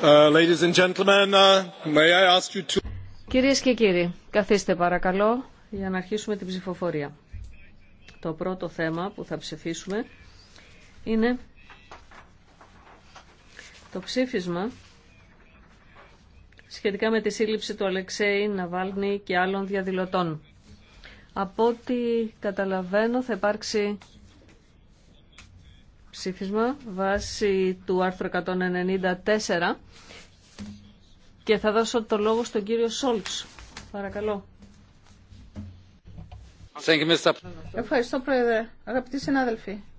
Uh, uh, Κυρίες και κύριοι, καθίστε παρακαλώ για να αρχίσουμε την ψηφοφορία. Το πρώτο θέμα που θα ψηφίσουμε είναι το ψήφισμα σχετικά με τη σύλληψη του Αλεξέη Ναβάλνη και άλλων διαδηλωτών. Από ό,τι καταλαβαίνω θα υπάρξει ψήφισμα βάσει του άρθρου 194 και θα δώσω το λόγο στον κύριο Σόλτς. Παρακαλώ. Ευχαριστώ, Πρόεδρε. Αγαπητοί συνάδελφοι.